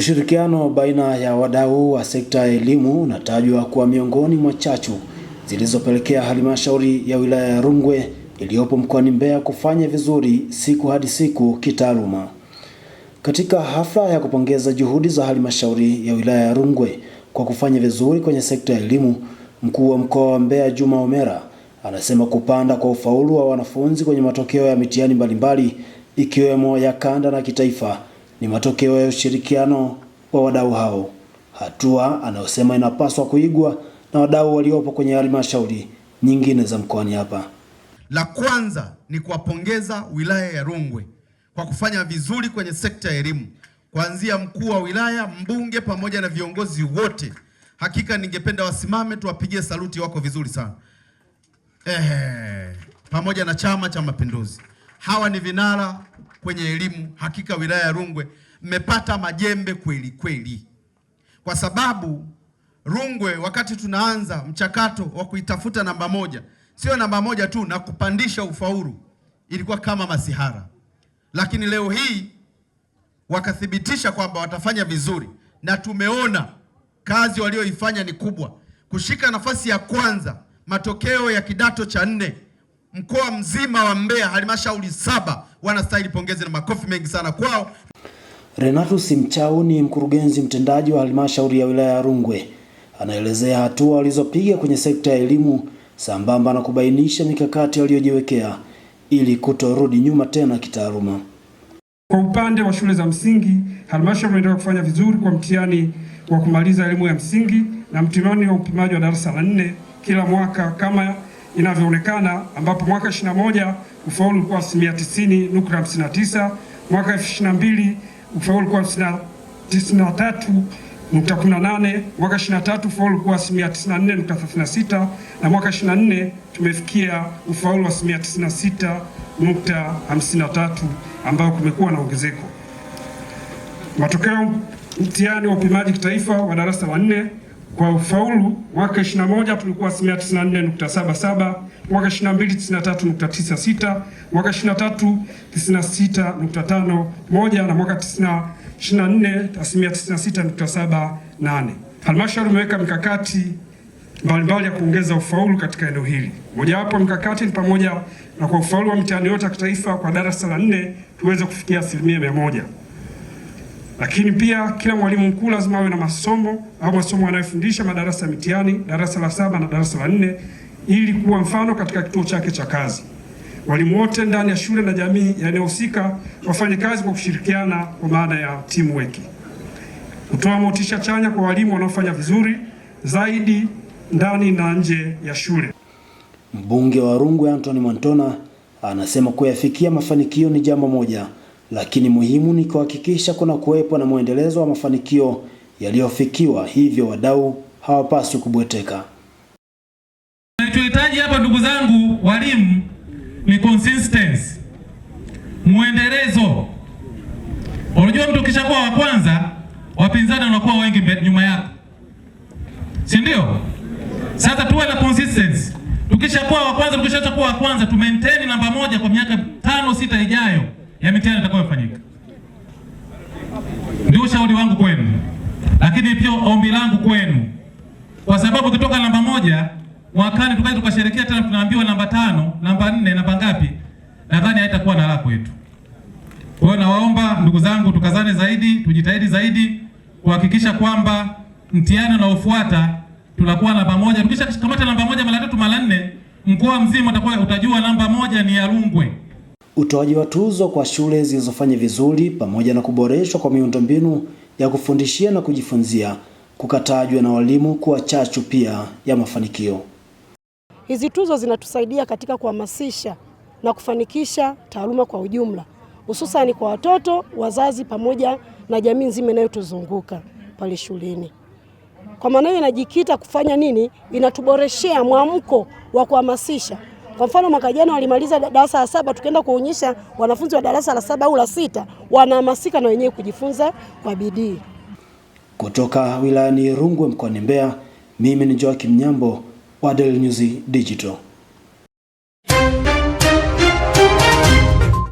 Ushirikiano baina ya wadau wa sekta ya elimu unatajwa kuwa miongoni mwa chachu zilizopelekea halmashauri ya wilaya ya Rungwe iliyopo mkoani Mbeya kufanya vizuri siku hadi siku kitaaluma. Katika hafla ya kupongeza juhudi za halmashauri ya wilaya ya Rungwe kwa kufanya vizuri kwenye sekta ya elimu, mkuu wa mkoa wa Mbeya Juma Omera anasema kupanda kwa ufaulu wa wanafunzi kwenye matokeo ya mitihani mbalimbali ikiwemo ya kanda na kitaifa ni matokeo ya ushirikiano wa wadau hao, hatua anayosema inapaswa kuigwa na wadau waliopo kwenye halmashauri nyingine za mkoani hapa. La kwanza ni kuwapongeza wilaya ya Rungwe kwa kufanya vizuri kwenye sekta ya elimu, kuanzia mkuu wa wilaya, mbunge pamoja na viongozi wote. Hakika ningependa wasimame tuwapigie saluti, wako vizuri sana. Ehe, pamoja na Chama cha Mapinduzi hawa ni vinara kwenye elimu. Hakika wilaya ya Rungwe mmepata majembe kweli kweli, kwa sababu Rungwe wakati tunaanza mchakato wa kuitafuta namba moja, sio namba moja tu na kupandisha ufaulu, ilikuwa kama masihara, lakini leo hii wakathibitisha kwamba watafanya vizuri, na tumeona kazi walioifanya ni kubwa, kushika nafasi ya kwanza matokeo ya kidato cha nne Mkoa mzima wa Mbeya, halmashauri saba wanastahili pongezi na makofi mengi sana kwao. Renato simchau ni mkurugenzi mtendaji wa halmashauri ya wilaya ya Rungwe, anaelezea hatua walizopiga kwenye sekta ya elimu sambamba na kubainisha mikakati waliyojiwekea ili kutorudi nyuma tena kitaaluma. Kwa upande wa shule za msingi, halmashauri inaendelea kufanya vizuri kwa mtihani wa kumaliza elimu ya msingi na mtihani wa upimaji wa darasa la nne kila mwaka kama inavyoonekana ambapo mwaka 21 ufaulu ulikuwa asilimia 90.59, mwaka 22 ufaulu ulikuwa 93.18, mwaka 23 ufaulu ulikuwa asilimia 94.36, na mwaka 24 tumefikia ufaulu wa asilimia 96.53, ambao kumekuwa na ongezeko. Matokeo mtihani wa upimaji kitaifa wa darasa la nne kwa ufaulu mwaka 21 tulikuwa asilimia 94.77, mwaka 22 93.96, mwaka 23 96.51 na mwaka 24 asilimia 96.78. Halmashauri imeweka mikakati mbalimbali ya kuongeza ufaulu katika eneo hili. Mojawapo mikakati ni pamoja na kwa ufaulu wa mitihani yote ya kitaifa kwa darasa la nne tuweze kufikia asilimia mia moja. Lakini pia kila mwalimu mkuu lazima awe na masomo au masomo anayofundisha, madarasa ya mitihani, darasa la saba na darasa la nne, ili kuwa mfano katika kituo chake cha kazi. Walimu wote ndani ya shule na jamii yanayohusika wafanye kazi kwa kushirikiana, kwa maana ya teamwork. Kutoa motisha chanya kwa walimu wanaofanya vizuri zaidi ndani na nje ya shule. Mbunge wa Rungwe Anthony Mwantona anasema kuyafikia mafanikio ni jambo moja lakini muhimu ni kuhakikisha kuna kuwepo na mwendelezo wa mafanikio yaliyofikiwa, hivyo wadau hawapaswi kubweteka. Tunachohitaji hapa ndugu zangu walimu ni consistency, mwendelezo. Unajua, mtu kishakuwa wa kwanza, wapinzani wanakuwa wengi nyuma yako, si ndio? Sasa tuwe na consistency, tukishakuwa wa kwanza, tukishakuwa wa kwanza, tu maintain namba moja kwa miaka tano sita ijayo ya mitihani itakayofanyika. Ndio ushauri wangu kwenu, lakini pia ombi langu kwenu, kwa sababu kutoka namba moja mwakani tukaje tukasherekea tena, tunaambiwa namba tano, namba nne, namba ngapi? Nadhani haitakuwa na raha kwetu. Kwa hiyo nawaomba ndugu zangu, tukazane zaidi, tujitahidi zaidi kuhakikisha kwamba mtihani unaofuata tunakuwa namba moja. Tukishakamata namba moja mara tatu mara nne, mkoa mzima utakuwa utajua namba moja ni ya Rungwe utoaji wa tuzo kwa shule zilizofanya vizuri pamoja na kuboreshwa kwa miundombinu ya kufundishia na kujifunzia kukatajwa na walimu kuwa chachu pia ya mafanikio. Hizi tuzo zinatusaidia katika kuhamasisha na kufanikisha taaluma kwa ujumla, hususani kwa watoto, wazazi pamoja na jamii nzima inayotuzunguka pale shuleni. Kwa maana hiyo inajikita kufanya nini? Inatuboreshea mwamko wa kuhamasisha kwa mfano mwaka jana walimaliza darasa la saba, tukaenda kuonyesha wanafunzi wa darasa la saba au la sita wanahamasika na wenyewe kujifunza kwa bidii. Kutoka wilayani Rungwe mkoani Mbeya, mimi ni Joakim Nyambo wa Daily News Digital.